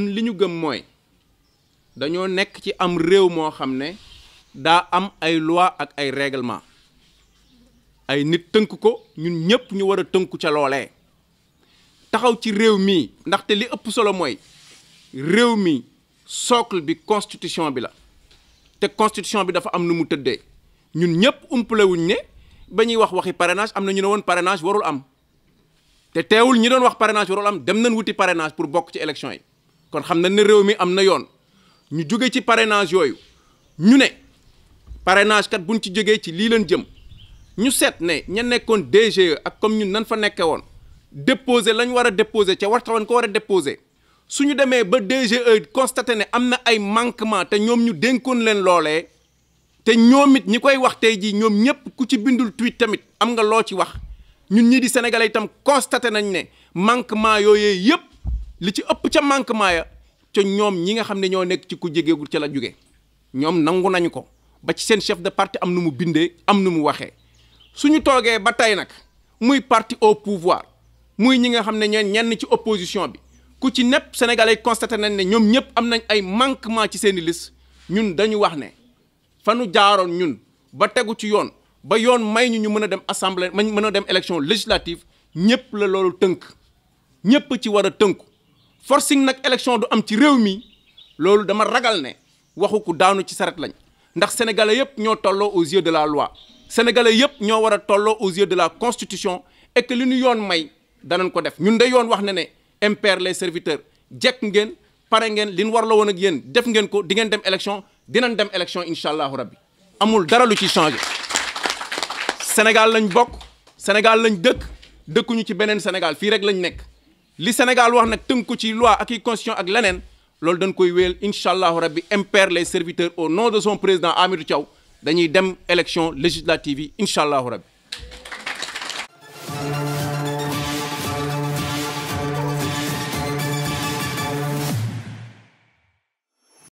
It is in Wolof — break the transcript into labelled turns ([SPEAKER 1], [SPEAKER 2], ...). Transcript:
[SPEAKER 1] ñun li ñu gëm mooy dañoo nekk ci am réew moo xam ne daa am ay loi ak ay reglement ay nit tënk ko ñun ñëpp ñu war a tënku ca loolee taxaw ci réew mi ndaxte li ëpp solo mooy réew mii socle bi constitution bi la te constitution bi dafa am nu mu tëddee ñun ñëpp umpalewuñ ne ba ñuy wax waxi parrainage am na ñu ne woon parrainage warul am te teewul ñi doon wax parrainage warul am dem nañ wuti parenage pour bokk ci élection yi kon xam na ne réew mi am na yoon ñu jóge ci parrainage yooyu ñu ne parenage kat buñ ci jógee ci lii leen jëm ñu seet ne ña nekkoon DGE ak comme ñun nan fa nekke woon déposer lañu war a déposer ca waxtaan ko war a su ñu demee ba DGE constaté ne am na ay manquement te ñoom ñu dénkoon leen loolee te ñoom it ñi koy wax tey jii ñoom ñëpp ku ci bindul tweet tamit am nga loo ci wax ñun ñii di sénégalais itam constaté nañ ne manquement yooyee yëpp li ci ëpp ca manquement ya ca ñoom ñi nga xam ne ñoo nekk ci ku jegeegul ca la jóge ñoom nangu nañu ko ba ci seen chef de parti am nu mu bindee am nu mu waxee su ñu toogee ba tey nag muy parti au pouvoir muy ñi nga xam ne ñeen ñenn ci opposition bi ku ci nepp sénégalais constaté nañ ne ñoom ñëpp am nañ ay manquement ci seen i liste ñun dañu wax ne fanu jaaroon ñun ba tegu ci yoon ba yoon may ñu ñu mën a dem assemblée mën a dem élection législative ñëpp la loolu tënk ñëpp ci war a tënku forcing nag élection du am ci réew mi loolu dama ragal ne waxu ku daanu ci saret lañ ndax sénégalais yëpp ñoo tolloo aux yeux de la loi sénégalais yëpp ñoo war a tolloo aux yeux de la constitution et que li ñu yoon may danañ ko def ñun de yoon wax na ne impair les serviteurs jekk ngeen pare ngeen li ñu war la woon ak yéen def ngeen ko dingeen dem élection dinañ dem élection incha allahu rabbi amul dara lu ci changé Sénégal lañ bokk Sénégal lañ dëkk dëkkuñu ci beneen Sénégal fii rek lañ nekk. li Sénégal wax nag ko ci loi ak i constitution ak leneen loolu dañ koy wéyal incha allahu rabbi impaire les serviteurs au non de son président Hamidou Thiaw dañuy dem élection législative yi incha allahu rabbi